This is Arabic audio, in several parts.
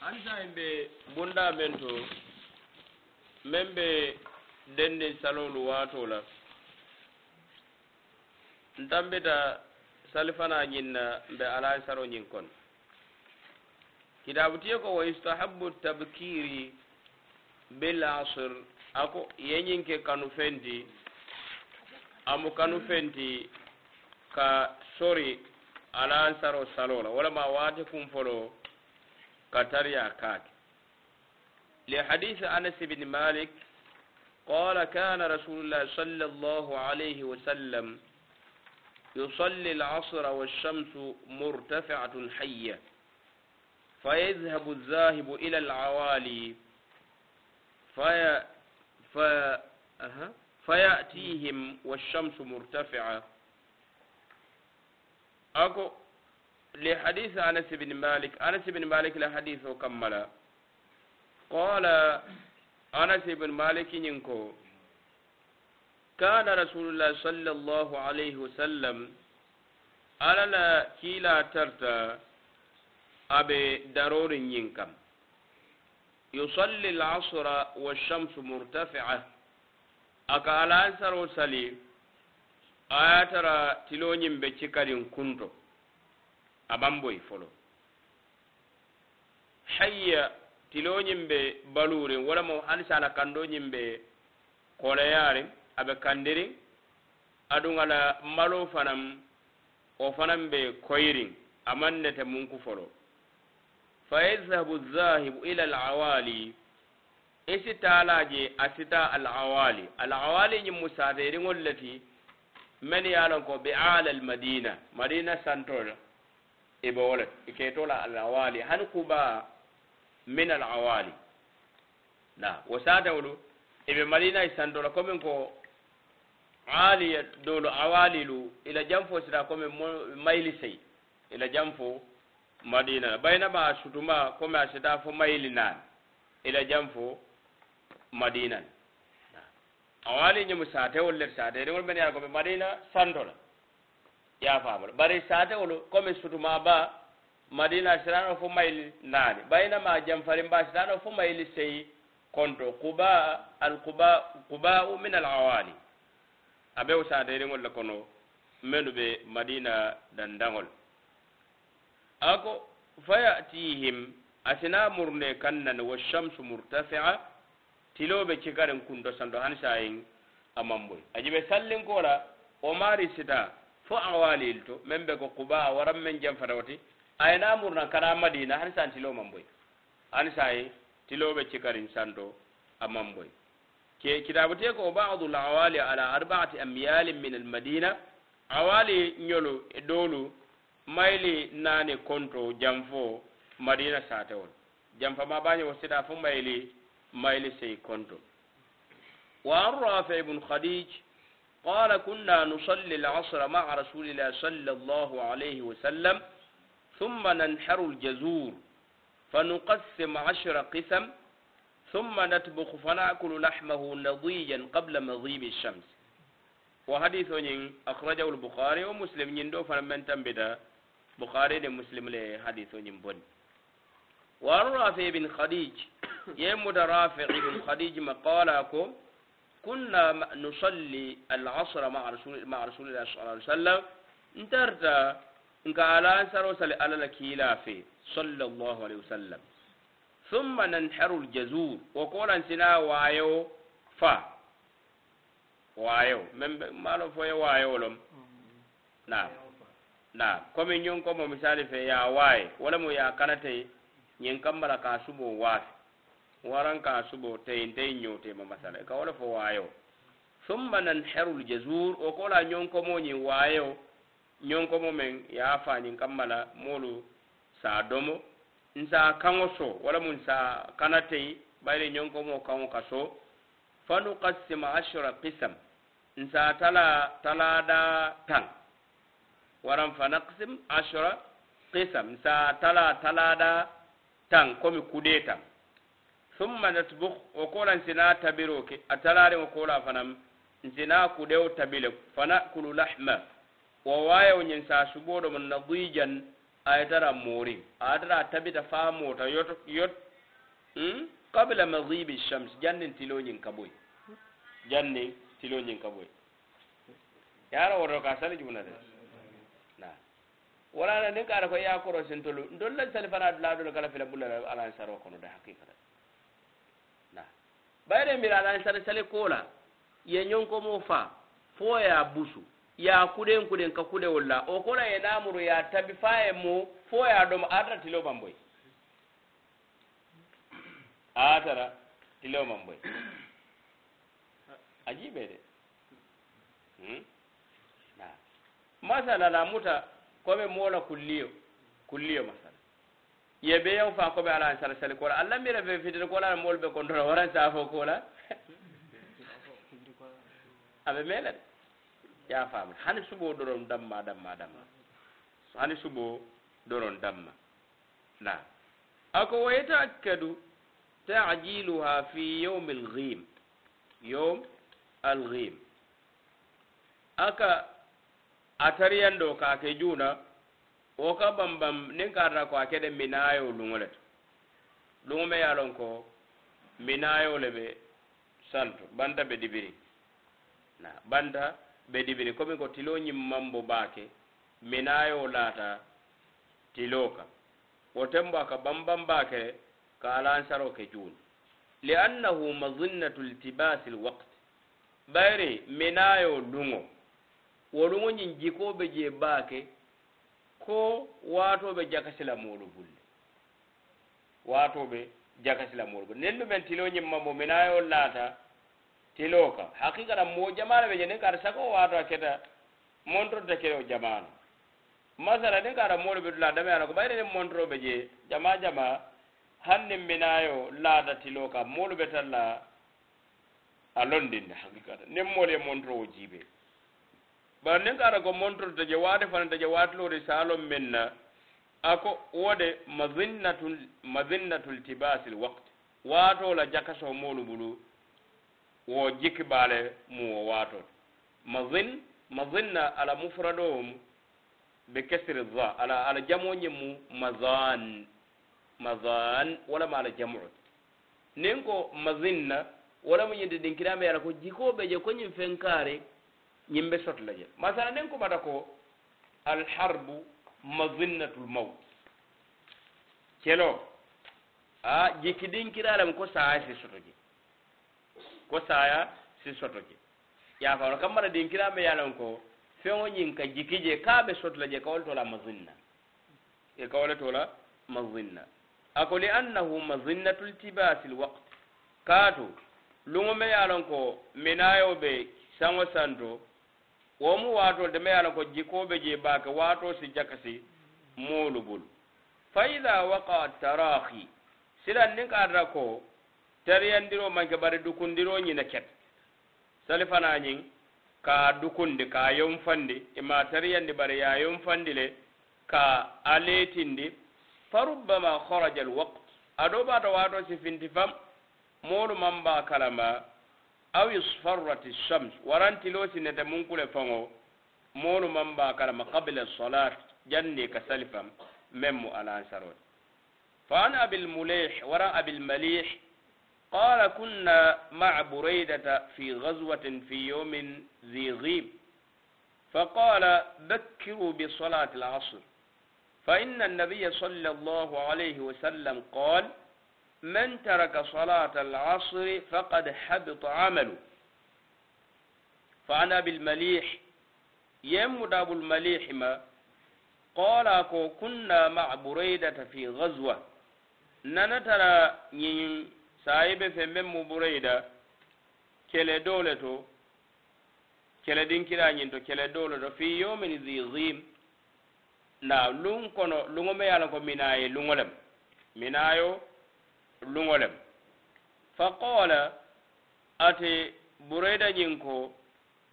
hannda en ɓe bunda men to men ɓe dendin salolu watola n tambita salifana ñinna ɓe ala saro ñin kon kitabu tiye ko wa yustahabu tabkiri bil asir ako yeñinke kanu fenti amu kanu fenti ka sori ala saro salola walama wate kum folo قطر يا لحديث أنس بن مالك قال كان رسول الله صلى الله عليه وسلم يصلي العصر والشمس مرتفعة حية فيذهب الذاهب إلى العوالي في في فيأتيهم والشمس مرتفعة أكو لحديث أنس بن مالك أنس بن مالك لحديث كملا قال أنس بن مالك ينكو كان رسول الله صلى الله عليه وسلم على لا كيلا ترتا أبي درور ينكم يصلي العصر والشمس مرتفعة على أنسر وسلي آياترا تلونين بكيكارين كنتو abanboyi folo hayya tiloñimɓe baluren walamo halisa ala kandoñimɓe koloyaren aɓe kandirin aɗum ala malo fanan o fanan ɓe koyrin amannete munku folo fa yadhabu zahibu ila alawali isitalaje e asita alawali alawaliñin musateringol leti men yalon ko ɓe ala almadina madina santore إبا ولد إكيتولا العوالي هنكوبا من العوالي na wasada wolu eɓe marinay sandola commin ko aliya dowlu awalilu ila jam fo sita commin mayli sey ila jam fo madina la baynama a sutuma comme a sita fo mayli naan ila jam fo madina la awali ñomu satewol let satede ngol men yaa koɓe madina sandola ya faamul bari saate wolu comme sutuma ba madina sitano fo mayli naani baynama jamfarin ba sitano fo mayli seyi konto quba alquba quba'u min alawali abewo saateyriŋol le kono mennu be madina dandaŋol ako fayatihim asina murne kannani washamsu murtafi'a tilobe be cikarin kunto santo hani sayin amamboy ajibe sallinkola o maari sita fo awalil to men be ko kuba waran men jam fatawti ayna murna kana madina han san tilo man boy an sai tilo be cikarin santo amman boy ke kitabute ko ba'dul awali ala arba'ati amyal min al madina awali nyolo e dolu mayli nane konto jamfo madina satawol jamfa ma baño wo sida fo mayli mayli sey konto wa an rafi ibn khadij قال كنا نصلي العصر مع رسول الله صلى الله عليه وسلم ثم ننحر الجزور فنقسم عشر قسم ثم نطبخ فنأكل لحمه نضيجا قبل مغيب الشمس وحديث أخرجه البخاري ومسلم يندو فمن تنبدا بخاري مسلم له حديث بن وعن رافع بن خديج يمد رافع بن خديج مقالاكم كنا نصلي العصر مع رسول مع رسول الله صلى الله عليه وسلم انترتا انك على سر وصل على الكيلافي صلى الله عليه وسلم ثم ننحر الجزور وقول ان سنا وايو فا وايو من ما لو فوي وايو لم نعم نعم كم ينكم مثال في يا واي ولا مو يا كانتي ينكم بركه سبو واي waran ka subo tayin tayin nyote ma masala ka wala fo wayo thumma nanharu aljazur o kola nyonko mo nyi wayo nyonko mo men ya fani kammala molu sa domo nsa kango so wala mun sa kanate bayre nyonko mo kango kaso fanuqassim ashra qisam nsa tala talada tan waran fanaqsim ashra qisam nsa tala talada tan komi kudeta summa tasbuk wo kola nsina tabiro ke atalare wo kola fanam nsina kudewo tabile fana kulu lahma wo wayo nyin sa subodo mun nadijan ayatara mori ayatara tabita fa mota yot yot hmm? qabla maghibi shams jannin tilo nyin kaboy jannin tilo nyin kaboy yara woto ka sali jumna de na wala na nin kara ko ya koro sintolu ndolla sali fana dula dula kala fila bulla ala saro kono da hakika bayre mbira ala sare sale kola ye nyonko mo fa fo ya busu ya kuden kuden ka kude walla o kola ye namuru ya tabi faye mo fo ya dom atara tilo bamboy atara tilo bamboy ajibe de hmm? na masala la muta kome mola kulliyo kulliyo masala yebeyo fa ko be ala sala sala ko alla mi refe fitir ko la mol be ko ndoro wara sa fo ko la abe mele ya fam hani subo doron damma damma damma hani subo doron damma na ako wa yataakkadu ta'jiluha fi yawm al-ghim yawm al-ghim aka atariyando ka ke juna wo ka bambam niŋ karata ko a minayo de minaayo luŋo le to luŋo me ye a loŋ ko minaayo le be santo banta be dibiri na banta be dibiri komi ko tilo ñiŋ mambo baake minayo laata tilo kaŋ wo tembo a ka bambam baake ka alansaroo ke juuni annahu mazinnatu iltibasi lwakti bayri minayo luŋo wo luŋo ñiŋ jikoo be jee baake ko watoɓe jakasila molo bulle watoɓe jakasila molo bulle nen ɗumen tilo ñimmambo minayo laata tilo ka haqiqata mo jamana ɓe jenin kata sago wato a keta montrote keɗo jamana masala nin kata molo ɓe dula dame ala ko ɓayre nin montroɓe je jama jama hannin minayo laata tilo ka molo ɓe talla a londinde haqiqata nin mole montrowo jiɓe bari niŋ ka ata ko montoro je waati fanaŋ je waatiloori se a loŋ meŋ na a ko wo de mazinnatul mazinnatul tibasil waqti waatoo la jakasoo moolu bulu wo jiki baale mu wo waatoo to mazin mazinna ala mufradoo mu be kesiri za ala ala jamoo ñiŋ mu mazan mazan walama ala jamuo niŋ ko mazinna walamu ñinti dinkiraame ye ala ko jikoo be je ko ñiŋ feŋ kaari yimɓe sotla je masala nden kuɓata ko alharbu mazinnatul maut kelo a jikkiɗinkiralam ko saya si soto je ko saya si soto je yafamno kam mbaɗa ɗinkirame yalan ko feŋo ñin ka jiki je kaɓe sotla je kawole tola mazinna e kawole tola mazinna ako li annahu mazinnatul tibasil waqt kaatu luŋo me ye a lon ko minayo be saŋo santo womu waato de ma yala ko jikoɓe je baake waato si jakasi molugol fa ida waqa tarahi silan nin kaarata ko teriyandiro manke bare dukundiro ñina ket salifana ñin ka dukundi ka yonfandi ima teriyandi bare ya yonfandi le ka aleetindi farubbama haraja alwaqt aɗo ɓata waato si finti fam molu man ba kalama أو يصفرت الشمس ورانت لوسي ندمون كل فمو مونو من باكر قبل الصلاة جنة كسلفا ممو على أنسرون فأنا أبي المليح وراء أبي المليح قال كنا مع بريدة في غزوة في يوم ذي غيب فقال بكروا بصلاة العصر فإن النبي صلى الله عليه وسلم قال من ترك صلاة العصر فقد حبط عمله فأنا بالمليح المليح يمد أبو المليح ما قال كنا مع بريدة في غزوة ننترى نين سايب في مم بريدة كلا دولتو كلا دين كلا نينتو كلا دولتو في يوم ذي ظيم نا لون kono lungo ميالكو yalan ko minaye lungolem luŋo lem fa ate burayda ñiŋ ko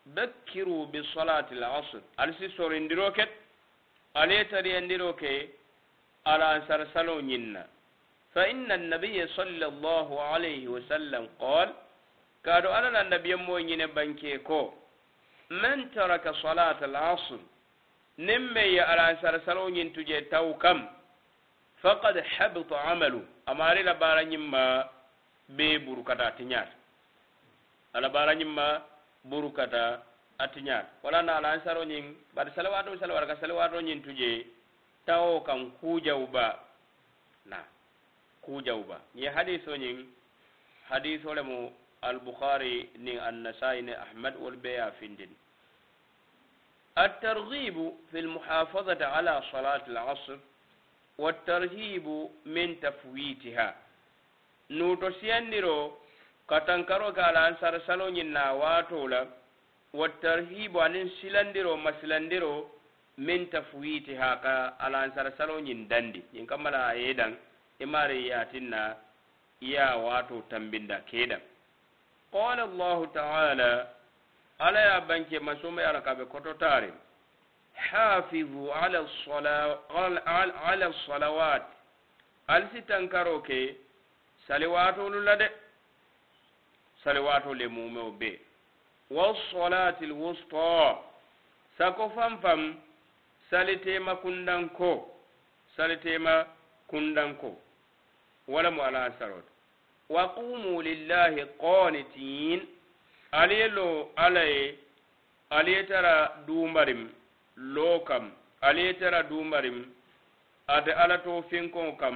bakkiru bi salati lasr ali si sorindiro ket ali ye tariyandiro ke ala sarsalo ñiŋ na fa inna annabiya sallallahu alayhi wa sallam qal kaado ala na annabiya moo ñine banke ko man taraka salata alasr niŋ me ye ala salo ñiŋ tuje taw kam faqad habita amalu amari la baara ñiŋ ma burukata tinyar ala baara ñiŋ burukata atinyar ñaata wala na ala ansaro ñiŋ bari salawaatoo salawara ka salawaatoo ñiŋ tu tawo kaŋ kuujaw na kujauba ba ñiŋ hadisoo ñiŋ hadisoo le mu albukhari niŋ annasai ne ahmad wolu bee ye a findin الترغيب في المحافظة على صلاة العصر والترهيب من تفويتها نوتو سيانيرو katankaro ka ala salo ñiŋ na waato la wattarhibu silandiro masilandiro min tafwitiha ka ala an sara salo ñiŋ dandi ñiŋ kamma la a ye na i ye tambinda kee qala allahu taala ala ye banke حافظوا على الصلاة على على الصلوات هل ستنكروك صلوات لد صلوات لمومو ب والصلاة الوسطى سكو فم فم سالتي ما كندنكو سالتي ما كندنكو ولا على سرود وقوموا لله قانتين عليلو علي عليترا دومرم علي loo kam ali tara duumarim ate alato finkoŋo kam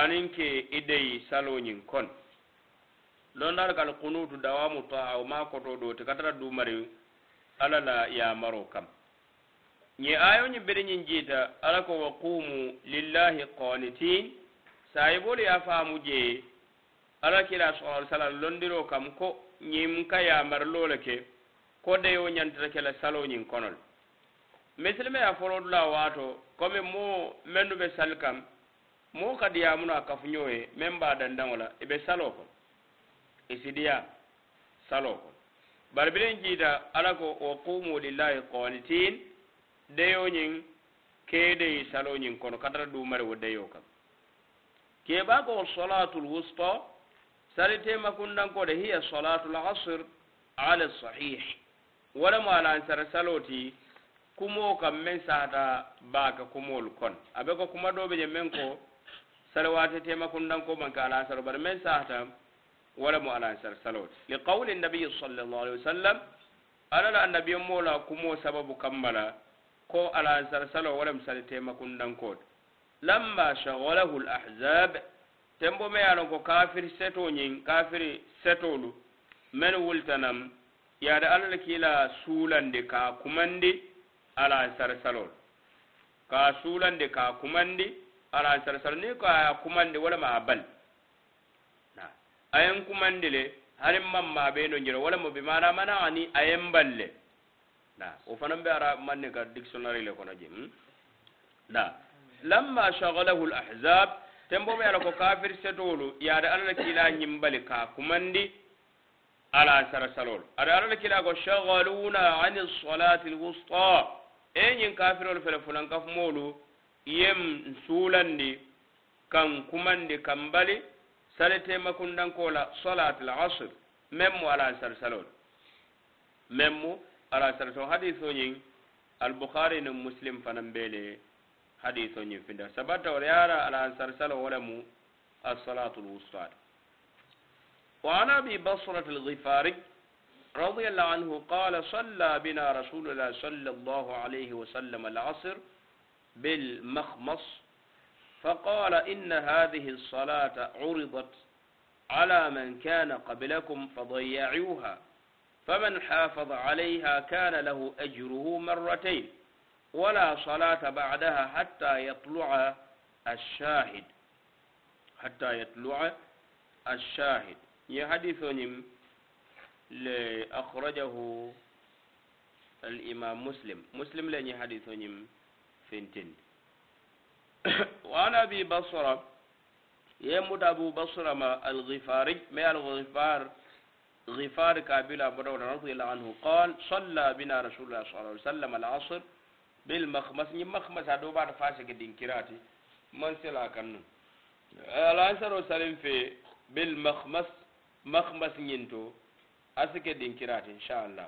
aniŋ ke i deyi saloñiŋ kono londal kal kunutu dawamu taa o maa koto doti ka tara duumari alla la yamaro kam ñe ayoñi biriñiŋ jiita alla ko wa kumu lillahi konitin saayibolu ye a faamu je alla kila sala sallam londiro kam ko ñiŋ ka yamarilo le ke ko deyo ñantata kela saloñiŋ kono le misilima ya folodula waato comme mo mendu be sali kam mo kadiyamuno a kafuño ye meŋ ba dandaŋo la i be salo kono i sidiya salo kono bari biriŋ jiita ala ko wa qumu lillahi qanitin deyo ñiŋ keedeyi salo ñiŋ kono katara dumari wo deyo kam keɓa ko solatul wusta sali tema kundanko de hiya solatul asir ala sahih wala mo alansara salo ti kumoo kam meŋ sahata baa ka kumoolu kono a be ko kuma doo be je meŋ ko salawaate tema kundanko maŋ ka alansaro bari meŋ sahata wo le mu alansar saloo ti li qawli nabiyi sallallahu alaihi wasallam ala la annabiyo moo la kumoo sababu kamma la ko alansar saloo wo lemu sali tema kundanko ti lamma shagalahu ahzab tembo me ye a loŋ ko kafiri setoo ñiŋ kafiri setoolu mennu wultanam yaada alla le kiila suulandi ka kumandi ala sar salol ka sulande ka kumandi ala sar salol ni ka kumandi wala ma bal na ayen kumandi le harin mamma be no jira wala mo be mana mana ani ayen balle na o fanan be ara manne ka dictionary le kono jim na lamma shaghalahu al-ahzab tembo me ala ko kafir setolu yaade alla kila nyimbali ka kumandi على سرسلول أرى لك لك شغلونا عن الصلاة الوسطى e ñiŋ kafirolu fele fulankafumoolu yem nsuulandi kaŋ kumandi kaŋ bali salitema kundanko la salatul asr meŋ mu ala salsalolu meŋ mu ala salsalo hadiso ñiŋ albukhari niŋ muslim fanaŋ be le hadiso ñiŋ finda sabata wala yaara ala salsalo wo le mu asalatul wustat wa an abi basrat alghifari رضي الله عنه قال صلى بنا رسول الله صلى الله عليه وسلم العصر بالمخمص فقال إن هذه الصلاة عرضت على من كان قبلكم فضيعوها فمن حافظ عليها كان له أجره مرتين ولا صلاة بعدها حتى يطلع الشاهد حتى يطلع الشاهد يحدثني أخرجه الإمام مسلم مسلم لن حديث نيم فنتين وأنا أبي بصرة يموت أبو بصرة ما الغفاري ما الغفار غفار كابيل أبو رضي الله عنه قال صلى بنا رسول الله صلى الله عليه وسلم العصر بالمخمس يمخمس هذا بعد فاسق الدين كراتي من سلا كنون العصر وسلم في بالمخمس مخمس ينتو asike dinkirati inchallah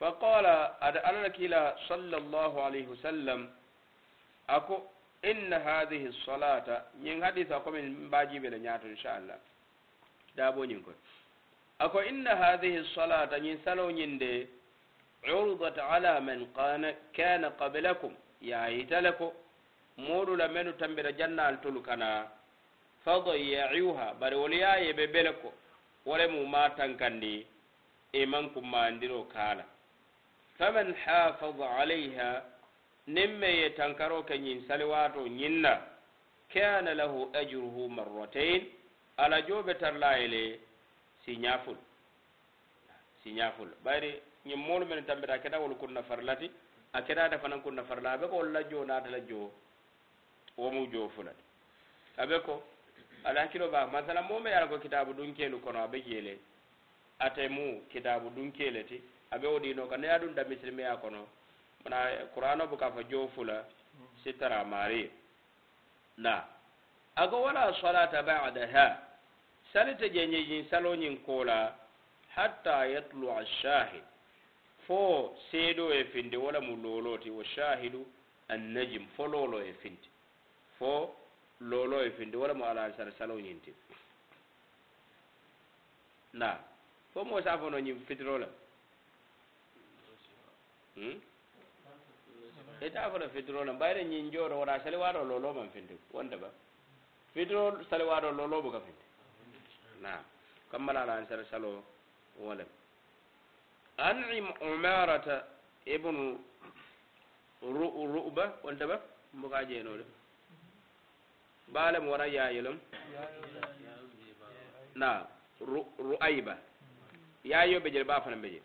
faqala ada alala kila sallllahu alayhi wa sallam ako inna hadihi solata ñin hadisa komin mbajiɓe le ñaato inchallah daaboñin koy ako inna hadihi solata ñin saloñinde عرضت على من كان قبلكم يا يتلكو moolu la menu tambita jannaal tolu kana fadayacuha bari wolu ye a ye be bele ko wole mu ma tankandi iman kummandiro kala faman hafaza alayha nin me ye tankaro ke ñin saliwato ñinna kana lahu ajruhu marratain ala joɓe tarlayele siñaful siñaful ɓayri ñin moolu men tambita a keta wol kunna farlati a ketata fanan kunna farla aɓe ko wolla jo natala jo womu jo fulati aɓe ko ala hakkilo ba masala moɓe yala ko kitabu ɗum kelu kono aɓe jeele ate mu kitabu ɗum keleti aɓe woɗino ne ya ɗum da misilimeya kono mana qur'ano buka fa jo sitara mari na ago wala salata ba'daha salita jenyeyin salonin kola hatta yatlu ash-shahid fo sedo e finde wala mu loloti wa shahidu annajim fo lolo e finde fo lolo e finde wala mu ala sal salonin na ko mo safono ñim fitro la hmm? e tafono fitro la mbayre ñin jooro wona salewaɗo loloman finde wonde ba fitro salewaɗo lolobo ka finde naam kammalalan sara salo wolem anim umarata ibnu ruba wonde ba mboka jeenode mbalem wona yayilom na ru ayba يا أيوب بجر بافنا بجر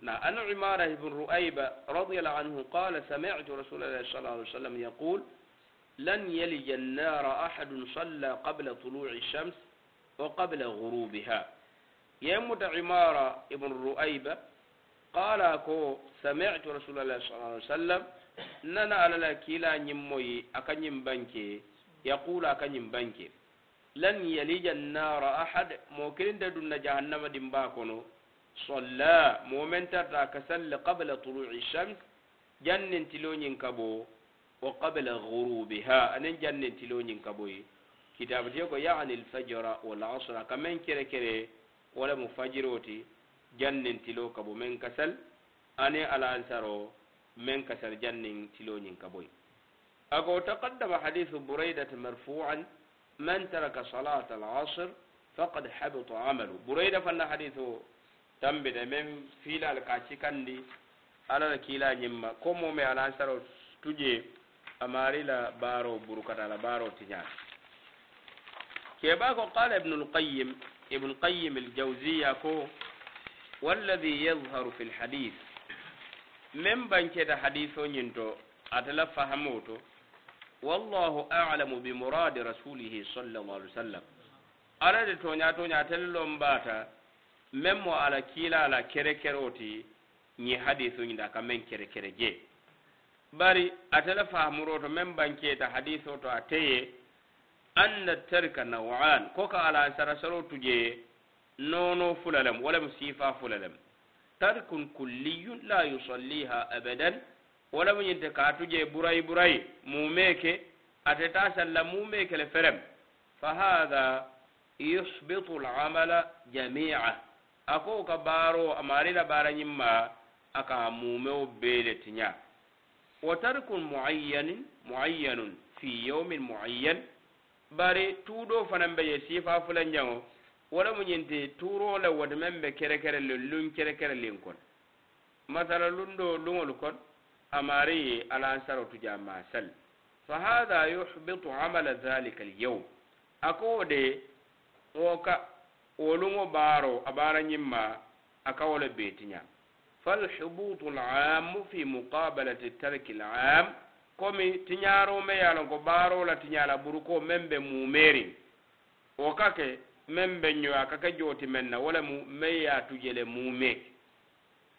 نعم أن عمارة بن رؤيبة رضي الله عنه قال سمعت رسول الله صلى الله عليه وسلم يقول لن يلج النار أحد صلى قبل طلوع الشمس وقبل غروبها يمت عمارة بن رؤيبة قال أكو سمعت رسول الله صلى الله عليه وسلم ننا على لا كلا نموي أكا بنكي يقول أكا بنكي lan yalija annara ahad mo kirinda dunna jahannama dimba kono solla momen tarta ka salle qabla tuluci shams jannen tiloñin kabo wa qabla gurubiha anen jannen tiloñin kaboye kitabatiyo ko yani alfajra walasra ka men kere kere wala mu fajiroti jannen tilo kabo men kasal ane alansaro men kasal jannen tiloñin kaboye ako taqaddama hadithu buraidata marfuan من ترك صلاة العصر فقد حبط عمله بريدة فانا حديثه تم بدمين فيلا الكاتي كان دي على الكيلا جمع كومو مي على سارو تجي أماري بارو بروكات على بارو تجار كيباكو قال ابن القيم ابن القيم الجوزية كو والذي يظهر في الحديث من بانكي دا حديثو أتلا فهموتو wallahu a'lamu bi muradi rasulihi sallallahu alaihi wasallam ala de tonya tonya tello mbata memmo ala kila ala kere keroti ni hadithu nyinda kamen kere kere je bari atala fahamuroto men banketa haditho to ateye anna tarka naw'an koka ala sarasaro tuje nono fulalem walam sifa fulalem tarkun kulliyun la yusalliha abadan wala mu ñinte kaatu je burayi burayi mumeke ateta salla mumeke le ferem fa hada yusbitu lamala jamia ako ka baaro amaari la baara ñiŋ ma a ka mumewo bee le tiña wa tarkun muayyanin muayyanun fi yawmin muayyan bari tuudo fanaŋ be je siifa fula ñaŋo wala mu ñinti tuuro le woto meŋ be kerekere le luŋ kerekere liŋ kono masala luŋ do luŋolu kono أماري الأنصار تجامع سل فهذا يحبط عمل ذلك اليوم أكودي وكا ولمو بارو أبارا نما أكول بيتنا فالحبوط العام في مقابلة الترك العام komi tiñaaro me ye a lon ko baaroo la tiña la buruko meŋ be mumeeriŋ wo ka ke meŋ be ñoya ka ke jooti meŋ na wo le meŋ ye a tuje le mumee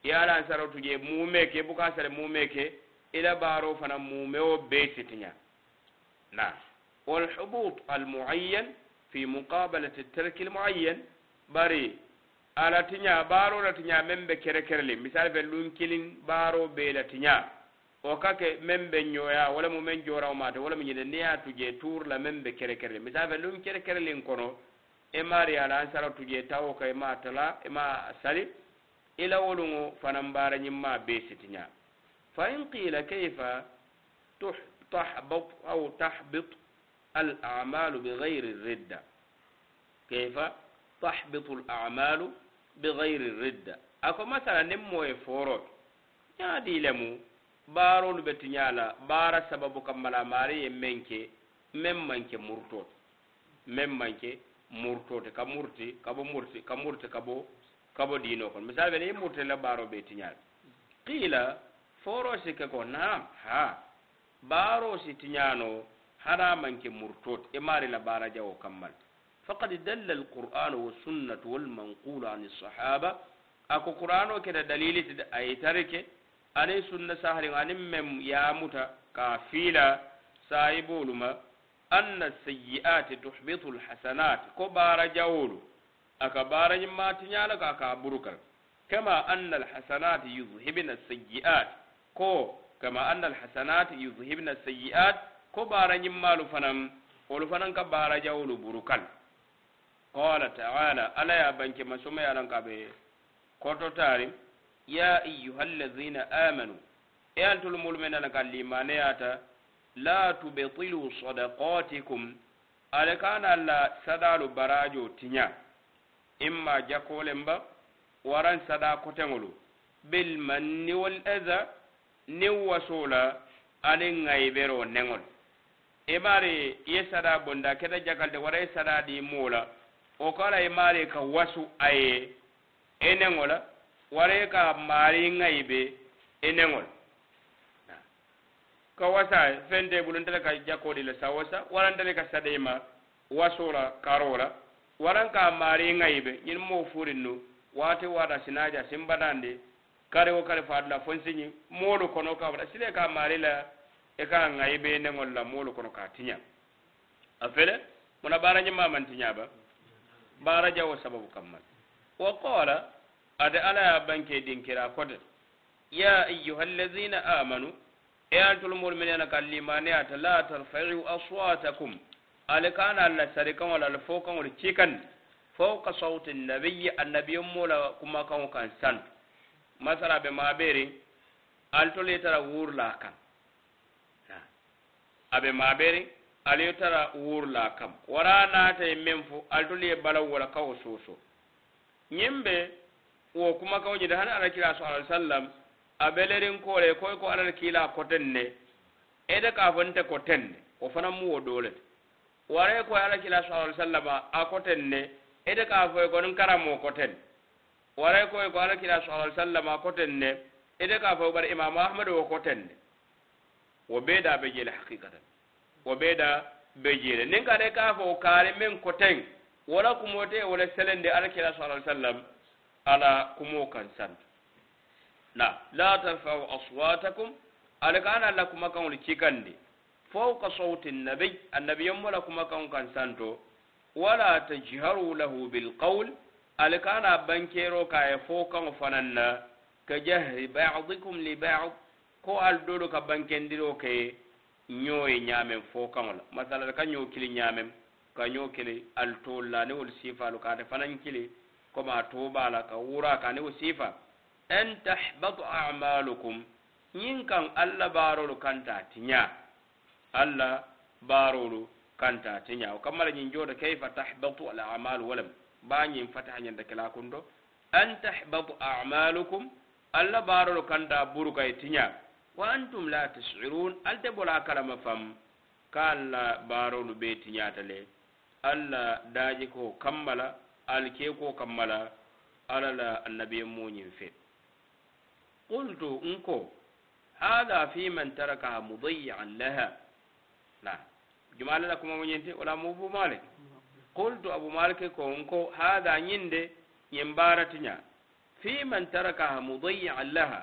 ye ala n saratu je mume ke buka sara mume ke ila baro fana mumewo be sitiña na walhubut almuayyan fi muqabalati tarki almuayyan bari ala tiña baaro la tiña meŋ be kere kere le misali fe luŋ kiliŋ baaro be la tiña wo ka ke meŋ be ñoya wala mu meŋ jorawo maate wala mu ñinde niŋ ye a tuje tuur la meŋ be kere kere le misali fe luŋ kere kere liŋ kono e maari ala an sara tuje tawo ka ima tala ima sali إلا wolungo fanan bara ñimma be sitiña fa in qila kayfa tahbit aw tahbit al a'malu تحبط الأعمال بغير الردة أكو مثلا نمو يفورو يا دي لمو بارون بتنيالا بارا سبب كمالا ماري منك من منك مرتوت من منك مرتوت كمرتي كبو مرتي كمرتي كبو kabo dino kon misal bele murte la baro be tiñal qila foro sike ko naam ha baro si tiñano hana manke murtot e mari la bara jawo kammal faqad dalla alquran wa sunnatu wal manqulu an sahaba ako qur'ano ke da dalili da ay tarike ani sunna sahari ani mem ya muta ka fila sahibuluma anna sayyi'ati tuhbitu alhasanat ko bara jawulu aka barañin matiñala ka ka burukar kama anna alhasanat yuzhibna sayyi'at ko kama anna alhasanat yuzhibna sayyi'at ko barañin malu fanan wolu fanan ka barajawolu burukal qala ta'ala ala ya banke masoma yalan ka be kototari ya ayyuhallazina amanu e antolu mulu men ala ka limaneyata la tubtilu sadaqatikum ala kana la sadalu barajo tiña imma jakolen ba waran sada koteŋolu bil manni wal adha niŋ wasola aniŋ ŋayibero neŋol imaari ye sada bonda keta jakalde wara ye sada di mola la wo ko ala imaari ka wasu a ye i neŋo la wara ye ka maari ŋayibe i neŋo ka wasa fente bulu ntele ka jakodi le sa wara ntele ka sadema waso la waran ka maari ŋayibe ñiŋ mo furin nu wate wata sinaja simbadande kare wo kare fonsi fonsiñi molo kono ka wata sile ka mari la e ka ŋayibe ne ngolla molo kono ka tiña a mona muna baaraje maman ba baaraja wo sababu kammal wa qala ada ala banke din dinkira kod ya ayuha allazina amanu e antul mu'minina menena ka limaneyata la aswatakum alikan ala sarikan wala al fokan wala cikan fawqa sautin nabiyyi annabiyyin mola kuma kan kan san masara be mabere al tole tara wurla kan abe mabere ali tara wurla kan wara na ta e men altole ya balaw wala ka soso nyimbe wo kuma kan jida han ala kira sallallahu alaihi wasallam abelerin kore koy ko alal kila koten ne ede ka fanta koten ne o fana mu wo dole Ware ko ala kila sallallahu alaihi wasallam a koten ne ede ka fo e ko nin karamo koten ware ko e ko ala kila sallallahu alaihi wasallam a koten ne ede ka fo bar e imam ahmad wo koten ne wo beda da be jele haqiqatan wo beda da be jele nin ka de ka fo kare men koten wala kumote wala selende ala kila sallallahu alaihi wasallam ala kumo kan san na la tarfa'u aswatakum ala kana la kuma kan wal فوق صوت النبي النبي يملكما كون كان سانتو ولا تجهروا له بالقول ألكان بنكيرو كاي فوق فننا كجهر بعضكم لبعض ko al dodo ka bankendiro ke ñoye ñaamen fo kaŋola masala ka ñoo kili ñaamen ka ñoo kili al tol la ne wol sifalu kaate fanaŋ kili koma a tuba la ka wura ka ne wo sifa en tahbatu amalukum ñiŋ kaŋ alla baarolu kanta tiña alla baarolu kanta tiña o kammala ñin jooɗo kayfa tahbatu al amalu walam bañin fataha ñande kela kun ɗo an tahbatu amalukum alla baarolu kanta buruka e tiña wa antum la tashirun alde bola kalama fam ka alla baarolu ɓe tiñata le alla daaji ko kammala alke ko kammala ala la annabiyen muñin fe qultu nko hada fi man tarakaha mudayian laha نعم جمال لكم مونينتي ولا مو ابو مالك قلت ابو مالك كونكو هذا نيندي يمبارتنيا في من تركها مضيعا لها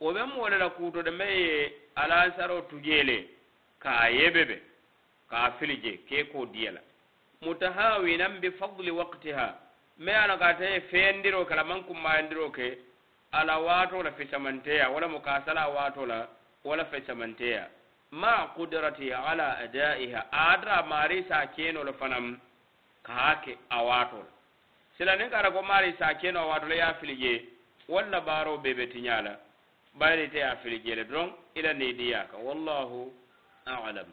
ومن ولا كوتو دمي على سرو تجيلي كايببي كافلجي كيكو ديلا متهاونا بفضل وقتها me ana ka taye feyandiro kala man kummayandiro ke ala wato la fesamanteya wala mo kasala wato la wala fesamanteya ما قدرتي على أدائها أدرى ماري ساكينو لفنم كهاك أواتول سلانين كاركو ماري ساكينو أواتول يا فيلي ولا بارو بيبي تنيالا بايري تيا فيلي لدرون إلى نيدياك والله أعلم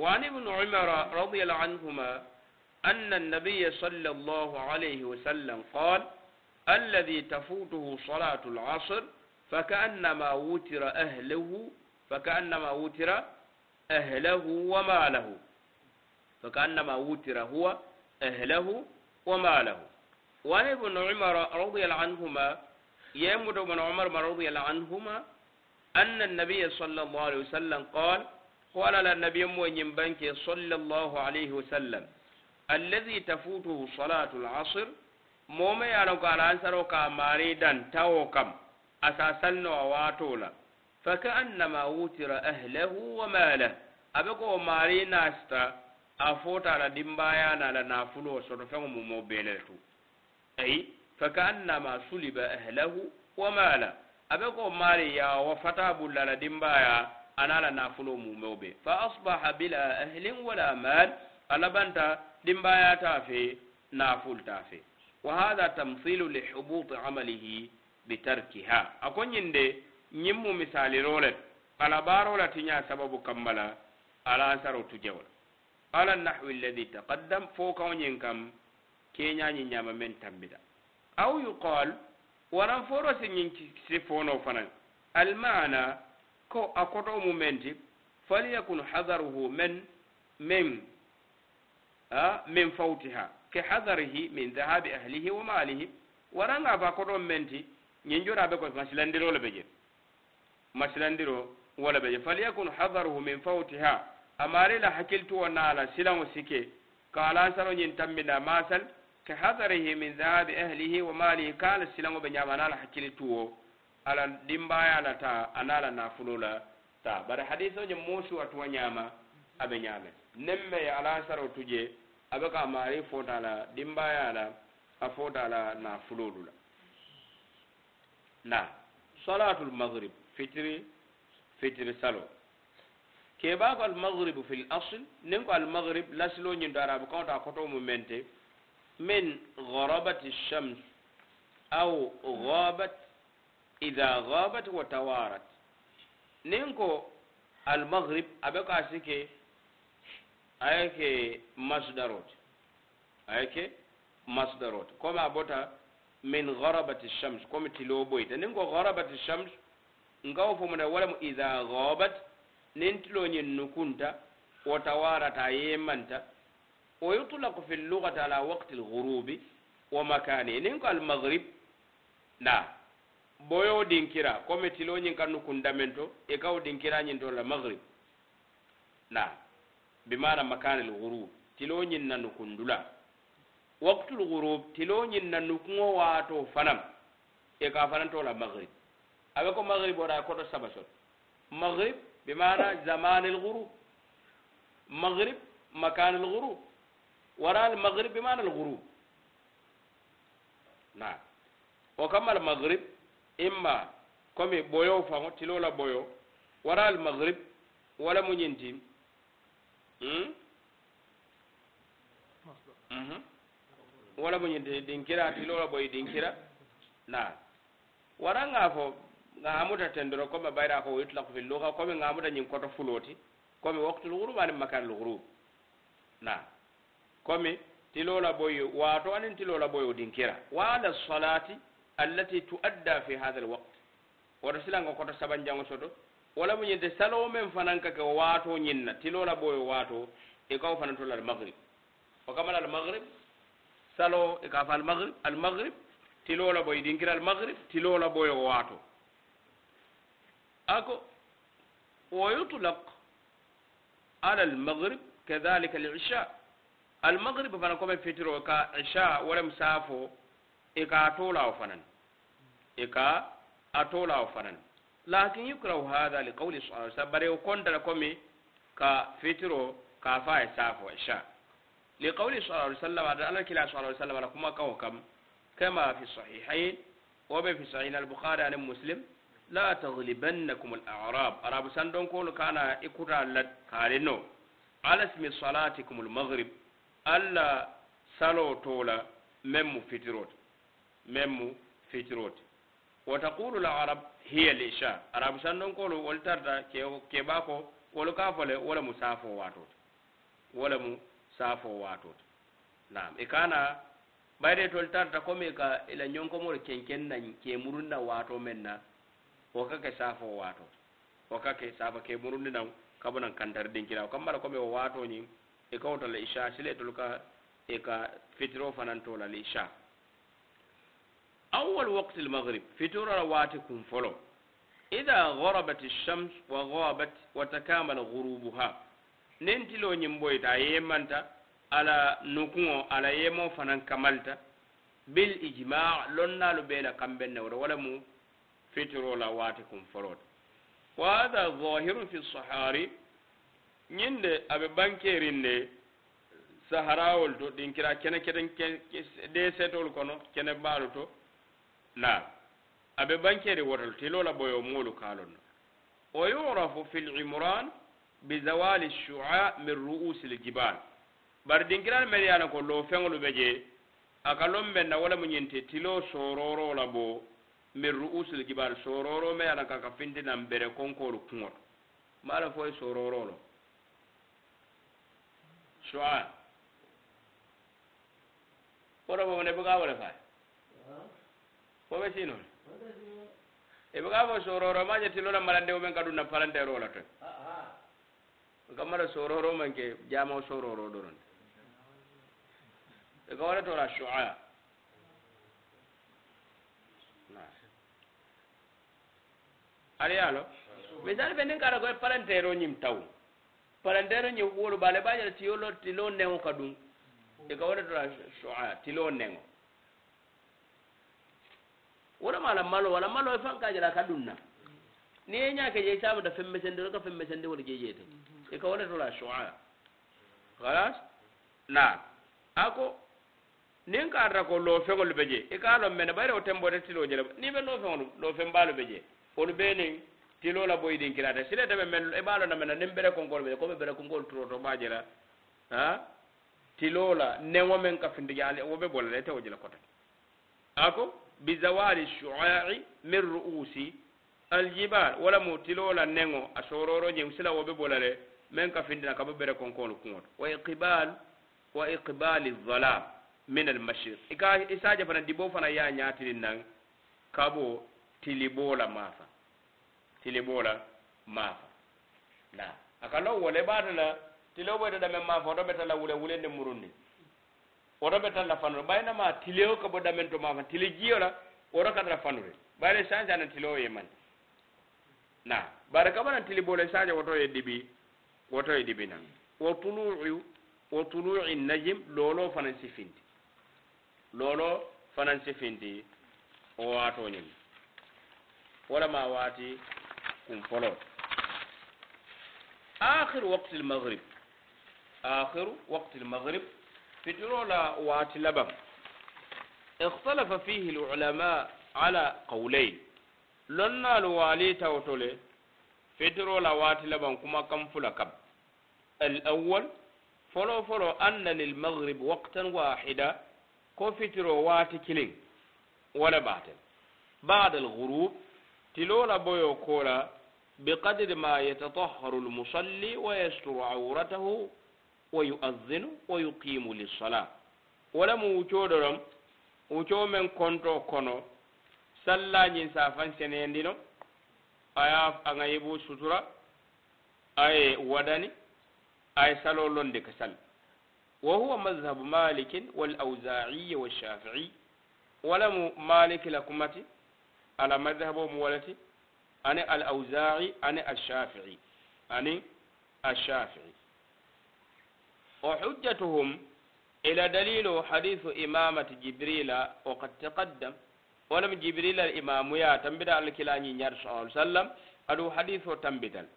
وعن ابن عمر رضي الله عنهما أن النبي صلى الله عليه وسلم قال الذي تفوته صلاة العصر فكأنما وتر أهله فكأنما وتر أهله وماله فكأنما وتر هو أهله وماله وعن ابن عمر رضي الله عنهما يمد ابن عمر رضي الله عنهما أن النبي صلى الله عليه وسلم قال قال النبي مؤمن بنك صلى الله عليه وسلم الذي تفوته صلاة العصر مومي على قال أنسرك ماريدا توكم أساسا وواتولا فكأنما وتر أهله وماله أبقوا ماري ناستا أفوت على دمبايا على نافلو صرفهم مبينتو أي فكأنما سلب أهله وماله أبقوا ماري يا وفتاب على دمبايا أنا على نافلو موبي فأصبح بلا أهل ولا مال أنا بنتا دمبايا تافي نافل تافي وهذا تمثيل لحبوط عمله بتركها أكون يندي ñiŋ mu misaliroo le alabaaroo la tiñaa sababu kamma la alaasaroo tu jewo la ala nahwi alladi taqaddam fo kaŋo ñiŋ kam keñañiŋ ñama meŋ tambita aw yuqal waraŋ foro si ñiŋ si fonoo fanaŋ almana ko a kotoo mu meŋ ti falyakun hadaruhu men meŋ min fautiha ke hadarihi min dhahabi ahlihi wa malihi waraŋ a fa kotoo meŋ ti ñiŋ jora be ko masilandiroo le be je masilandiro wala beje falyakun hadaruhu min fawtiha amare la wa naala silaŋo sike ka saro nyin tambina masal ka hadarihi min dhahabi ahlihi wa malihi kala silan be ñama la hakkili tuwo ala dimbaya la ta anala nafulo ta bar hadiso musu wa tuwa ñama abe ñaame nemme ala alansaro tuje abe ka maari fota la dimbaya la a fota la na salatul maghrib فجر فجر سالو كيباك المغرب في الأصل ننكو المغرب لسلو نندو عرب كونتا كتو ممنتي من غربت الشمس أو غابت إذا غابت وتوارت ننكو المغرب أبقى سكي أيكي مصدروت أيكي مصدروت كما بوتا من غربت الشمس كما تلو بويتا ننكو غربت الشمس nga wo wala mo idha ghabat nin tiloñin nukunta wo tawarata yemanta wa yutlaqu fi llugati ala waqti lghurubi wa makani nin ko almaghrib na boyo dinkira comme tiloñin ka men to e kawo dinkirañin to la maghrib na bimana makani lghurub tiloñin na nukundula waqtu lghurub tiloñin na nukuŋo waato fanam e ka fanan to la maghrib awe ko maghrib wona koɗo saba ton maghrib bi mana zaman l gurub maghrib makan l gurub wona al maghrib bi mana l gurub naam o kam al maghrib imma comme ɓoyo faŋo tilola ɓoyo wona al maghrib wala muñintim wala muñinti ɗinkira tilola ɓoyi ɗinkira naam wona nga fo gamuta tendoro comme bayra ko yutlaku fi louga comme gamuta ñing koto fuloti comme waktul groupe ani makan lgroup na comme tilola boyo wato anin tilola boyo dinkira wala solati allati touadda fi hatha lwaqt woto silanga koto saban jango soto wala muñinte salo men fanankake wato ñinna tilola boyo wato e kaw fana tol almagrib o kamal almagrib salo e kafa almagrib almagrib tilola boyo dinkira almagrib tilola boyo wato أكو ويطلق على المغرب كذلك العشاء المغرب فانا كومي فيترو كا عشاء ولا مسافو إكا أطولا وفنن إكا أطولا وفنن لكن يكره هذا لقول صلى الله عليه وسلم بريو كوندر كومي كا فيترو كا فاي سافو عشاء لقول صلى الله عليه وسلم على الله كلا صلى الله عليه وسلم لكما كما في الصحيحين وما في صحيح البخاري عن المسلم la taghlibannakum al-a'rab arabu sandon ko kana ikuta lat kalino ala smi salatikum al-maghrib alla salo tola memu fitrot memu fitrot wa taqulu al-arab hiya al-isha arabu sandon ko wol tarda ke ke bako wol ka wala musafo wato wala mu safo watot na'am e kana bayde tol ko me ka ila nyonko mo kenken nan ke murunna wato menna wo ka ke saafo waato wo ka ke saafa ke murundi naŋ kabunan kantari dinkira kam mala komi wo waato ñiŋ i ka woto la isha sile tolu ka i ka fitiro fanaŋ to la isha awwal waqti almaghrib fitiro la waati kun folo ida gharabat ash-shams wa ghabat wa takamala ghurubuha nen tilo ñiŋ boyita a yemanta ala nukuŋo ala yemo fanaŋ kamalta bil ijma' lonnaalu bee la kambeŋ ne wora wala mu fitiro la waati kun folot wa hada zahirun fi sahari ñinde aɓe bankerin de saharawol to ɗin kira kene keten de setol kono kene mbaalu to naam aɓe bankeri wotol tilola ɓoyo moolu kaalon no wa yurafu fi limran bi zawali shua min ruusi ljibal bari ɗinkirani men yana ko lo feŋolu ɓe je aka lon men na wala mu ñinte tilo sororola boo min ru'usul jibal sororo me ala kaka findi nan bere konkoru kungoto mala foy e sororo lo shwa poro bo ne buga wala fa ko be sino e buga bo sororo ma nyati lo nan malande o men kadu nan palande ro la to gamara sororo man ke jamo sororo doron e ko wala to la shwa aɗa yaalo misali ɓe nin kaɗa koye palantere o ñim taw palantere ñim wolu ɓaale ɓaƴata tiyolo tilo neŋo ka ɗum e ka waɗatora soa tilo neŋo wolama malo wala malo e fan kajala ka ɗum na ni ye ñake je samuta femme sende oka femme sende wol jejeyte e ka waɗatora soa halas na ako nin ka ata ko loo feŋolu be je i ka a loŋ mene bayre wo tembode tiloo je le ni be loo feŋolu loo feŋ baalu be wolu beeniŋ tiloo la boyidiŋ kilata sileta be men i be a loŋ na mena niŋ bere konkoolu be ko be bere konkoolu turoto maa je la a tiloo la neŋo meŋ ka fintiji ali wo be bolla la ite wo je la kote a ko bizawali shuai min ru'usi aljibal wala mu tiloo la neŋo a soororo jeŋ sila wo be bolla le meŋ ka fintina ka be bere konkoolu kuŋo to wa iqibal wa iqibali dhalam min almashriq i ka i saaje fana diboo fana ye a ñaatinin naŋ ka bo tiliboo la maafa tiliboo la maafa na a ka loŋ wo le baata la tileo boyta damen maafa oto beta la wule wulende murundi oto beta la fanure bayina ma tileo ka bo damen to maafa tili jiyo la oto ka tara fanure bayile sanja na tileo ye man na bari kabana tiliboo le sanja woto ye dibi woto ye dibi na wo tuluu'i wo tuluu'i najim looloo fanaŋ sifinti looloo fanaŋ sifinti o waatoo ñiŋ wo lema waati انفراد آخر وقت المغرب آخر وقت المغرب فترولا واتلبم اختلف فيه العلماء على قولين لنا الوالي توتولي فترولا واتلبم كما كم فلا الأول فلو فلو أن للمغرب وقتا واحدا كفترو فترو واتكلين ولا بعد بعد الغروب تلولا بويو كولا بقدر ما يتطهر المصلي ويستر عورته ويؤذن ويقيم للصلاة ولا موجودرم وجو من كونتو كونو صلى نين سافان سنيندينو ايا اغايبو سترا اي وداني اي سالو لوندي كسل وهو مذهب مالك والأوزاعي والشافعي ولم مالك لكمتي على مذهب مولتي أنا الأوزاعي أنا الشافعي أنا الشافعي وحجتهم إلى دليل حديث إمامة جبريل وقد تقدم ولم جبريل الإمام يا تنبدا الكلاني نيار صلى الله عليه وسلم أدو حديث تنبدا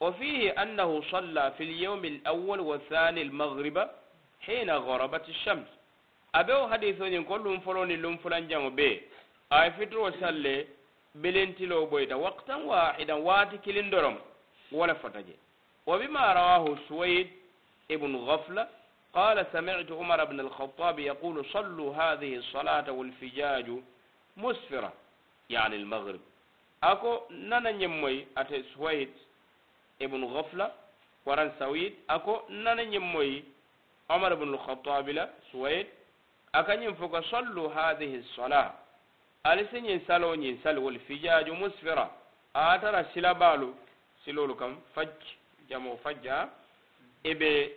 وفيه أنه صلى في اليوم الأول والثاني المغرب حين غربت الشمس أبو حديث يقول لهم فلون لهم فلان جامو بيه ay fitiro salle belentilo boyta waqtan wahidan waati kilin dorom wala fota je wa bima rawahu suwaid ibnu gafla قال سمعت عمر بن الخطاب يقول صلوا هذه الصلاة والفجاج مسفرة يعني المغرب أكو نانا نيموي أتي سويد ابن غفلة وران سويد أكو نانا نيموي عمر بن الخطاب لا سويد أكا نيمفوك صلوا هذه الصلاة alisi si ñiŋ saloo ñiŋ sali wolu musfira atara silabalu silolu kam fajj jamoo fajja ebe be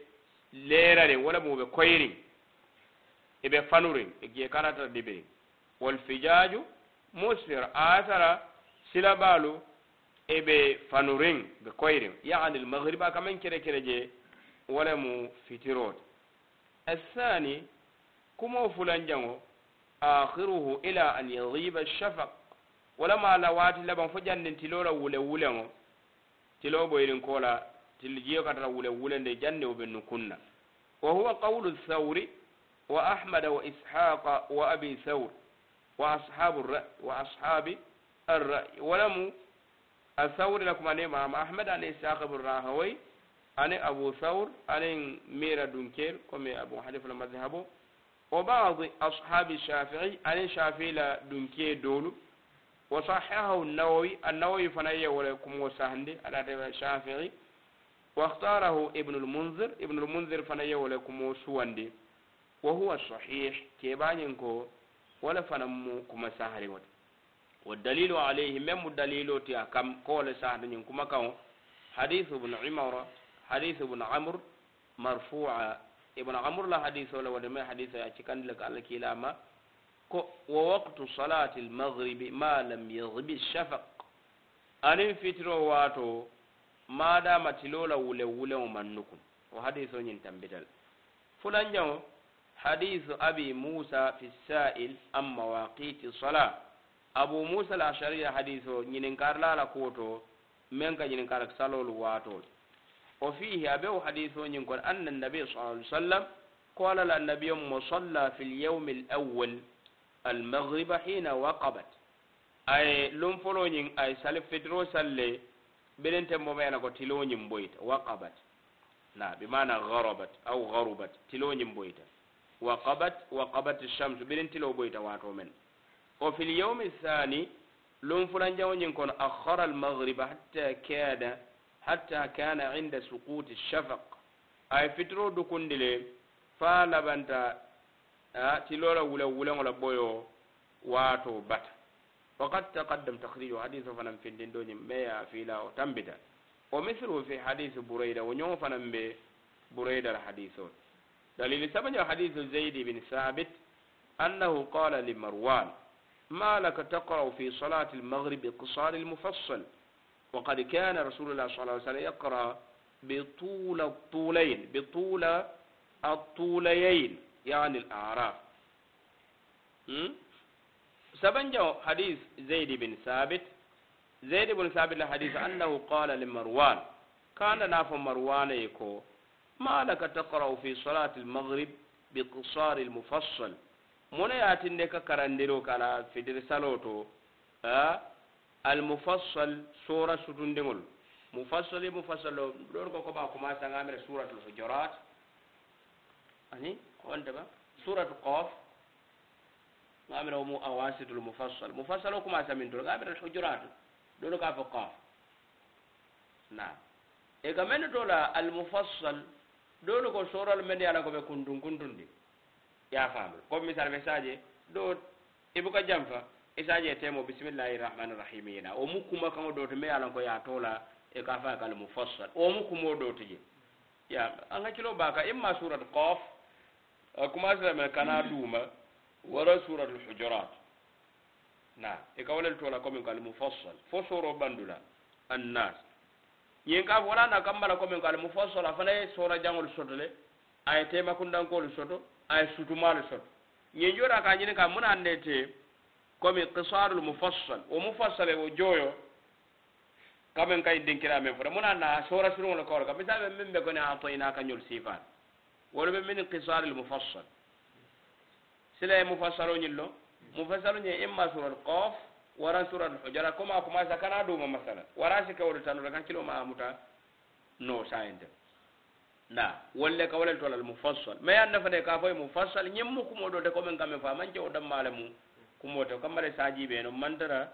leerariŋ wo le mu be koyiriŋ i be fanuriŋ i jee kana tara dibiriŋ musfira atara silabalu ebe i be fanuriŋ be koyiriŋ yaani lmagriba kamaŋ kere kere je wala mu fitirot ti الثاني كما فلان جنو آخره إلى أن يغيب الشفق ولما لوات لبن فجن تلورا ولا ولا تلو بيرن كولا تلجيو كتر ولا ولا جن وبن كنا وهو قول الثوري وأحمد وإسحاق وأبي ثور وأصحاب الرأي وأصحاب الرأي ولم الثور لكم أن إمام أحمد عن إسحاق بن راهوي أن أبو ثور أن ميرا دنكير كم أبو حنيفة ذهبوا وبعض أصحاب الشافعي أن الشافعي لا دنكي دولو وصححه النووي النووي فنية ولكم وسهندي على الشافعي واختاره ابن المنذر ابن المنذر فنية ولكم وسواندي وهو الصحيح كيبانينكو ولا فنمو كما سهري ود والدليل عليه مم الدليل تيكم قول سهري كما كان حديث ابن عمر حديث ابن عمرو مرفوع ibn amr la hadiso la wala mai hadiso ya cikan da Allah kila ma ko wa waqtu salati al-maghrib ma lam yaghib ash-shafaq anin fitro wato ma da matilola wule wule mannukun wa hadiso nyin tambital fulan jawo حديث أبي موسى في السائل عن مواقيت الصلاة أبو موسى الأشعري حديثه ينكر لا لكوتو منك ينكر سلول واتول وفيه أبو حديث يقول أن النبي صلى الله عليه وسلم قال للنبي مصلى في اليوم الأول المغرب حين وقبت أي لنفلونين أي سلف فترو سلي بلنت مبينة تلونين بويت وقبت نعم بمعنى غربت أو غربت تلونين بويت وقبت وقبت الشمس بلنت لو بويت واتو من وفي اليوم الثاني لنفلان جاونين كون أخر المغرب حتى كاد حتى كان عند سقوط الشفق اي فترو دو كندلي fa labanta a ولا ولا بويو واتو boyo وقد تقدم تخريج حديث فنم في الدين دوني ميا في لا وتنبدا ومثله في حديث بريدة ونيو فنم بريدة الحديث دليل سبج حديث زيد بن ثابت أنه قال لمروان ما لك تقرأ في صلاة المغرب قصار المفصل وقد كان رسول الله صلى الله عليه وسلم يقرأ بطول الطولين بطول الطوليين يعني الأعراف سبنجو حديث زيد بن ثابت زيد بن ثابت الحديث أنه قال لمروان كان ناف مروان يكو ما لك تقرأ في صلاة المغرب بقصار المفصل من ياتي نكا كرندلو كلا في درسالوتو ها المفصل سورة ستندمل مفصل مفصل لون كوكو باكو ما سانغامر سورة الفجرات أني كون دبا سورة القاف غامر مو أواسط المفصل مفصل كما سامين دول غامر الحجرات لون كاف قاف نعم إذا من دولا المفصل دون كو سورة المني على كوبي كوندون كوندون دي يا فاهم كم مثال مساجي دو إبوكا جامفا isa je temo bisimillahi rahmani rahimina o mu kuma kaŋo dooto me ye a loŋ ko ye a tola e ka fa kal mufassal o mu kumo dooto je ya an hakkilo baka imma surat qaf kumasila men kana duuma wara surat lhujurat na e ka walel tola komin ko almufassal fo soro bandula annas ñin ka wala na kammala komin ko almufassal a fana ye sora jaŋol soto le a ye temakundankolu soto a ye sutumalu soto ñin jooɗa ka ñini ka muna annde te komi qisarul mufassal wo mufassale wo jooyo kamen kay denkira men fota muna na sora suru wala kawra ka misal men be ko ne atoyna ka nyol sifat wala be min qisarul mufassal sila mufassalo nyillo mufassalo nyi imma surul qaf wara surul hujara kuma kuma sakana do ma masala wara shi kawul tanu kan kilo ma muta no sayende na wolle ka wala tolal mufassal me yanna fa de ka fo mufassal nyemmu kumo do de ko men kamen fa man jaw dam malamu kumoto kamare saji be no mandara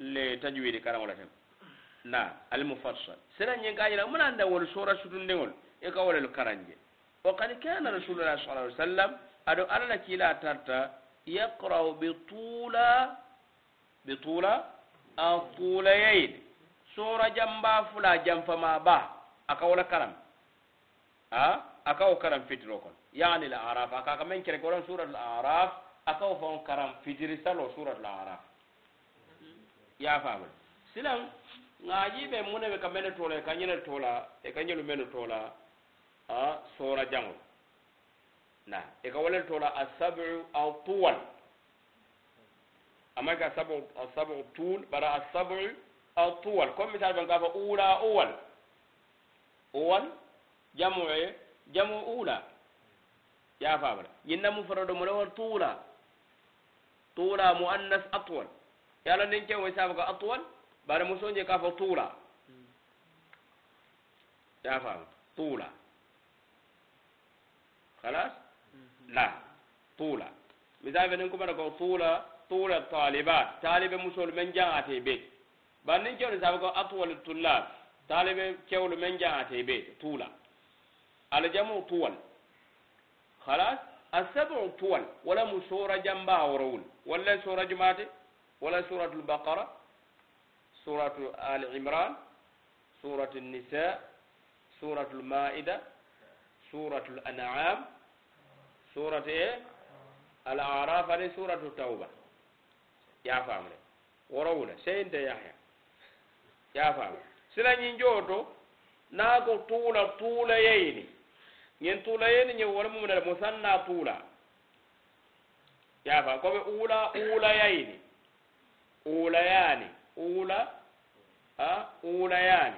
le tajwidi karaŋola tem na al almufassal siran ñin kajira mun anda wol sura sudun de wol e ka wolal karanje wa kad kana rasulullah sallallahu alaihi wasallam adu alla la kiila tarta yaqra'u bitula bitula an tulayayn sura jamba fula jamfa ma ba aka wala karam ha aka wo karam fitro kon yani al araf aka ka men kere sura al araf akaw fon karam fijiri salo surat la araf ya faamul silam ngaji be munebe ka mene tola ka nyene tola e ka nyelu mene tola a sora jango na e ka wala tola asab'u aw tuwal amma ka sab'u asab'u tul bara asab'u aw tuwal comme misal ban ka fa ula awal awal jamu jamu ula ya faamul yinna mufradu mulawar tula طولا مؤنث أطول يلا ننكي ويسابق أطول بعد مسونجي كافو طولا يا فاهم طولا خلاص لا طولا مثال بنا أنا طولا طول الطالبات طالب مسول من جاءتي بيت بعد ننكي ويسابق أطول الطلاب طالب كول من جاءتي بيت طولا على جمع طول خلاص السبع طول ولا مسورة جنبها ورول ولا سورة جماعتي ولا سورة البقرة سورة آل عمران سورة النساء سورة المائدة سورة الأنعام سورة إيه الأعراف هذه سورة التوبة يا فامري ورولة سيد يحيى يا فامري سلاني جوتو ناقو طول طول ييني ين tuula ييني ñe wala mum nata ula koɓe uula ula, uulayani uula a uulayani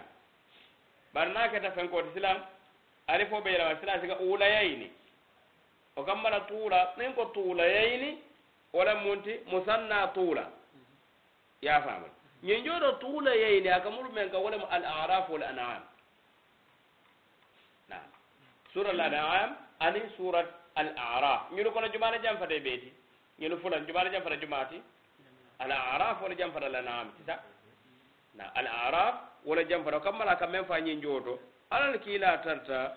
bari na keta fenkoti silam ari fo ɓe yelama sila siga uulayayni o kam mala tuula nin ko tuulayayni wala munti musanna tuula yafama ñin jooɗo tuulayayni aka mulu men ka wolemo al araf wal anam nam sura al anam ani surat al araf ñunu kono jumana jam fata ɓeeti ñelu fula jumaala jam fana jumaati al araf wala jam fana la naam tita na al araf wala jam fana kammala ka men fa ñin jooto alal kiila tarta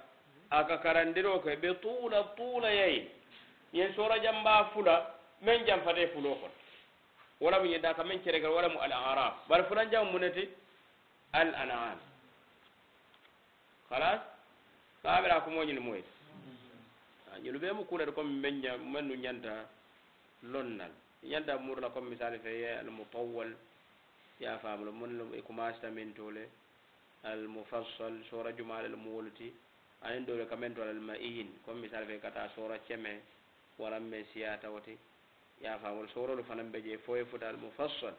aka karandiro ke ɓe tuula tuula yayi yen sora jamba fula men jam fata e fulo kon wala mu yedda ka men ceregal wala mu al araf bara fulan jam munati al anam halas kaɓira ko moñil moyta ñulu ɓe mu kuulata comme men men nu ñanta لونال يندا مور لا كوم مثال في المطول يا فام لو من لو إيه، كوماس تامين المفصل سوره جمال المولتي اين دول كامن دول المئين كوم مثال في كتا سوره تيمه ورم مسياتا وتي يا فام سوره لو فنم بيجي فوي فوت المفصل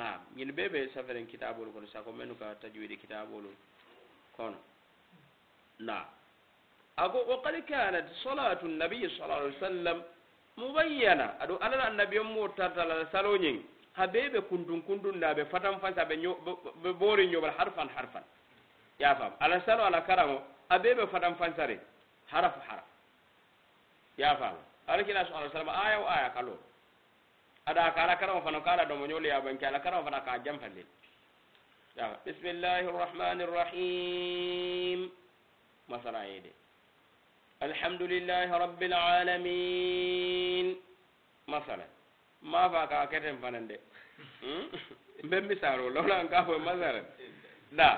نعم ين بيبي سافرن كتاب لو كون ساكو منو كا تجويد كتاب لو كون نعم أقول وقد كانت صلاة النبي صلى الله عليه وسلم mubayyana aɗo ala la annabiyon mo tartala la saloñing ha ɓe ɓe kuntun kuntunda ɓe fatan fansa ɓe ɓe ɓoori ñoɓal harfan harfan yafam ala salo ala karaŋo a ɓe ɓe fatan fansare harafu haraf yafama ala kila subhana sallam aya o aya kalo aɗa ka ala karaŋo fana ka ala domo ñole yabanke ala karaŋo fana ka jamfalle yafa bismillahi rrahmani rrahim masala yede الحمد لله رب العالمين مثلا ما فاكا كتن فنندي بن مثال لولا ان كافو مثلا لا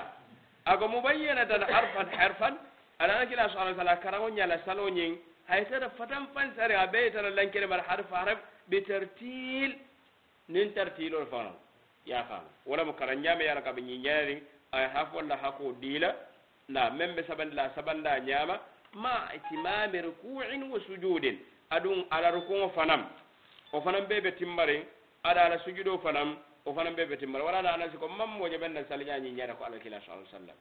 اكو مبينة حرفا حرفا انا انك لا سؤال فلا كرمون يلا سالونين هاي ترى فتن فن فنسر ابيت لن كلمة حرف حرف بترتيل نين ترتيل الفن يا فان ولا مكرن مكرنجام يا ركب نينيري اي حرف ولا حقو ديلا لا من بسبن لا سبن لا نياما ma timami rukuin wa sujudin aɗum ala rukuo fanam o fanan ɓe ɓe timmaren aɗa ala sujudo fanam o fanan ɓe ɓe timmaren waɗa ala anasi ko mammoje ɓen na salñañiñata ko alakila sa alah sallam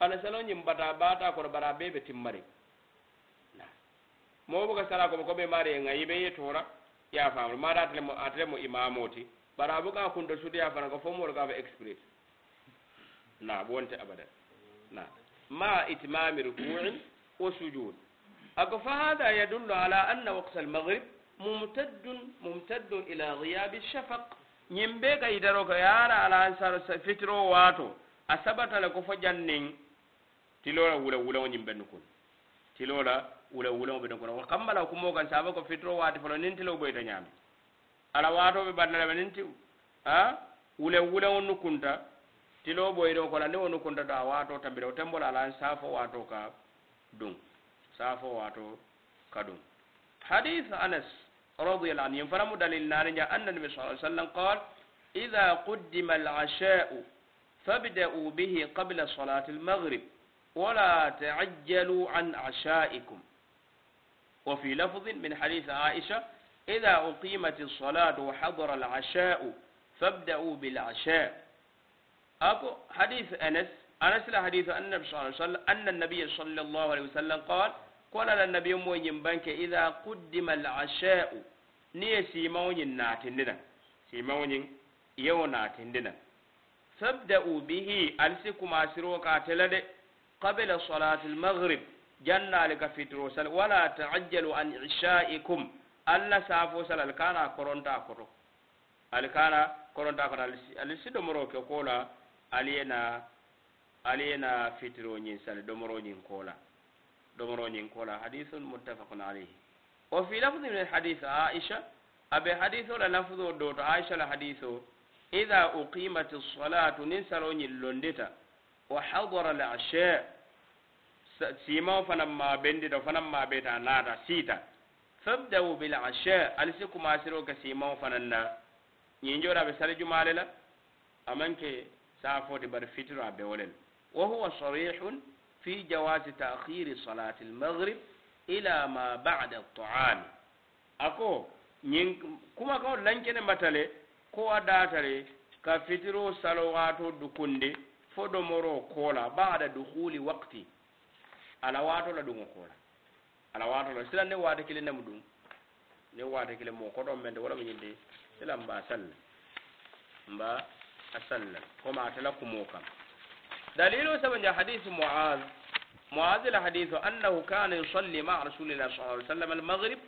ala salñim mbata mbata kono mbaɗa ɓe ɓe timmaren na mo boka sala koɓe koɓe maari e ayiɓe ye tora ya famre maɗa atelemo atelemo imamoti mbaɗa boka kunta sude ya fana ko fomoto ka fa exprit na ɓonte abadan na ma itmami rukuin وسجود أكو فهذا يدل على أن وقت المغرب ممتد ممتد إلى غياب الشفق nyimbe ka idaro ka yara ala ansar fitro wato asabata la ko fajannin tilola wula wula nyimbe nukun tilola wula wula be nukun wa kammala kuma kan saba ko fitro wato falo nin tilo boy tanyami ala wato be badala be nin ti ha wula wula nukunta tilo boy do ko la ne wonukunta da wato tambira tembola ala ansafo wato ka دون سافو واتو كدون حديث أنس رضي الله عنه فرم دليل نارنجا أن النبي صلى الله عليه وسلم قال إذا قدم العشاء فابدأوا به قبل صلاة المغرب ولا تعجلوا عن عشائكم وفي لفظ من حديث عائشة إذا أقيمت الصلاة وحضر العشاء فابدأوا بالعشاء أبو حديث أنس أنس حديث أن النبي صلى الله عليه أن النبي صلى الله عليه وسلم قال قال النبي موين بنك إذا قدم العشاء ني سيمون ناتندنا سيمون يو ناتندنا فابدأوا به ألسكم أسروا قاتلد قبل صلاة المغرب جنة لك في تروسل ولا تعجلوا عن عشائكم ألا سافو سل الكانا كورونتا كورو الكانا كورونتا كورو ألسي دمروك يقول علينا ali yena fitiroñin sali domoroñin kola domoroñin kola hadisun muttafaqun alayhi wa fi lafdi min alhadis aisha abe hadiso la lafdo doto aisha la hadiso ida uqimat alsalatu nin saloñin londita wa hadara alasha simao fanan ma bendita fanan ma beta naata siita fabdau bilasha ali si kumasiro ka simao fanan na ñin joɗa ɓe sali jumale la amanke safoti bar fitiro a be wolel وهو صريح في جواز تأخير صلاة المغرب إلى ما بعد الطعام أكو نين كما قال لنكن متلي كو داتري كفترو صلواتو دكوندي فدمرو كولا بعد دخول وقتي على واتو لدونو كولا على واتو لسلان ني واتو كلي نمدون ني واتو كلي مو كودو مند ولا ميندي سلام با سل مبا أسلم وما أتلقوا موكم دليل سبنجا حديث معاذ معاذ الحديث أنه كان يصلي مع رسول الله صلى الله عليه وسلم المغرب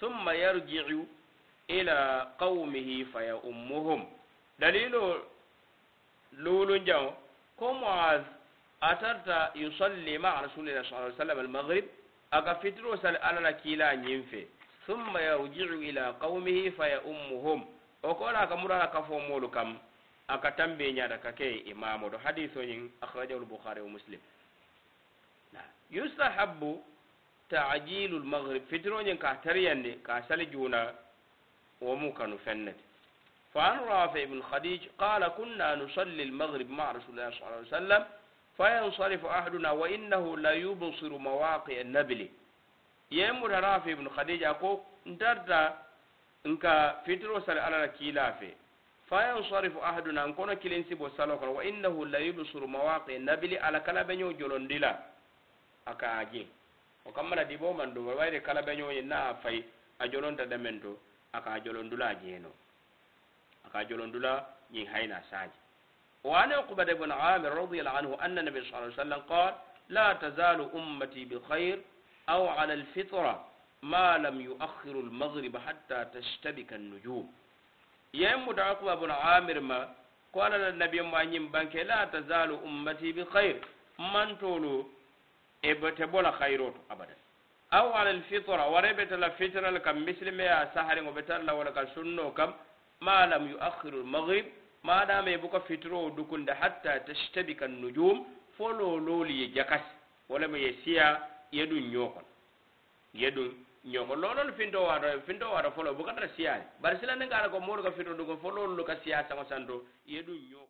ثم يرجع إلى قومه فيأمهم دليل لول جو كم معاذ أترت يصلي مع رسول الله صلى الله عليه وسلم المغرب أكفتر وسأل على كيلا ينفي ثم يرجع إلى قومه فيأمهم وقال كمرها كفو مولكم aka tambe nya da kake imamu da hadis oñin akhrajahu al-bukhari wa muslim na yustahabu tajilu fitron yin ka tariyandi ka saljuna wa mu kanu fannat fa an fennete فعن رافع بن خديج قال كنا نصلي المغرب مع رسول الله صلى الله عليه وسلم فينصرف أحدنا وإنه لا يبصر مواقع النبل يمر rafi ibn khadija ko ndarda inka fitro sal على كيلافه فينصرف أحدنا أن كنا كلين سبو سالوك وإنه لا يبصر مواقع النبي على كلا بنيو جلون ديلا أكا أجين وكما ديبو من دوما ويري كلا بنيو ينا فاي أجلون تدمنتو أكا أجلون دولا جينو أكا أجلون دولا هاينا ساج وعن عقبة بن عامر رضي الله عنه أن النبي صلى الله عليه وسلم قال لا تزال أمتي بخير أو على الفطرة ما لم يؤخر المغرب حتى تشتبك النجوم yen mutaakuba bun amir ma ko ala nabi mo anyim banke la tazalu ummati bi khair man tolu e bete bola khairoto abadan aw ala al fitra wa rabata la fitra la kam muslimi ya sahari ngo betalla wala ka sunno kam ma lam yuakhiru al maghrib ma dama e buka fitro dukunda hatta tashtabika an nujum folo loli jakas wala ma yesiya yedun nyokon yedun ñogo nonon finto wato finto wato folo bukatata siyaani bari silanden kaala ko moolu ka fitondu ko fololu ka siyaa saŋo santo ye ɗum ñoo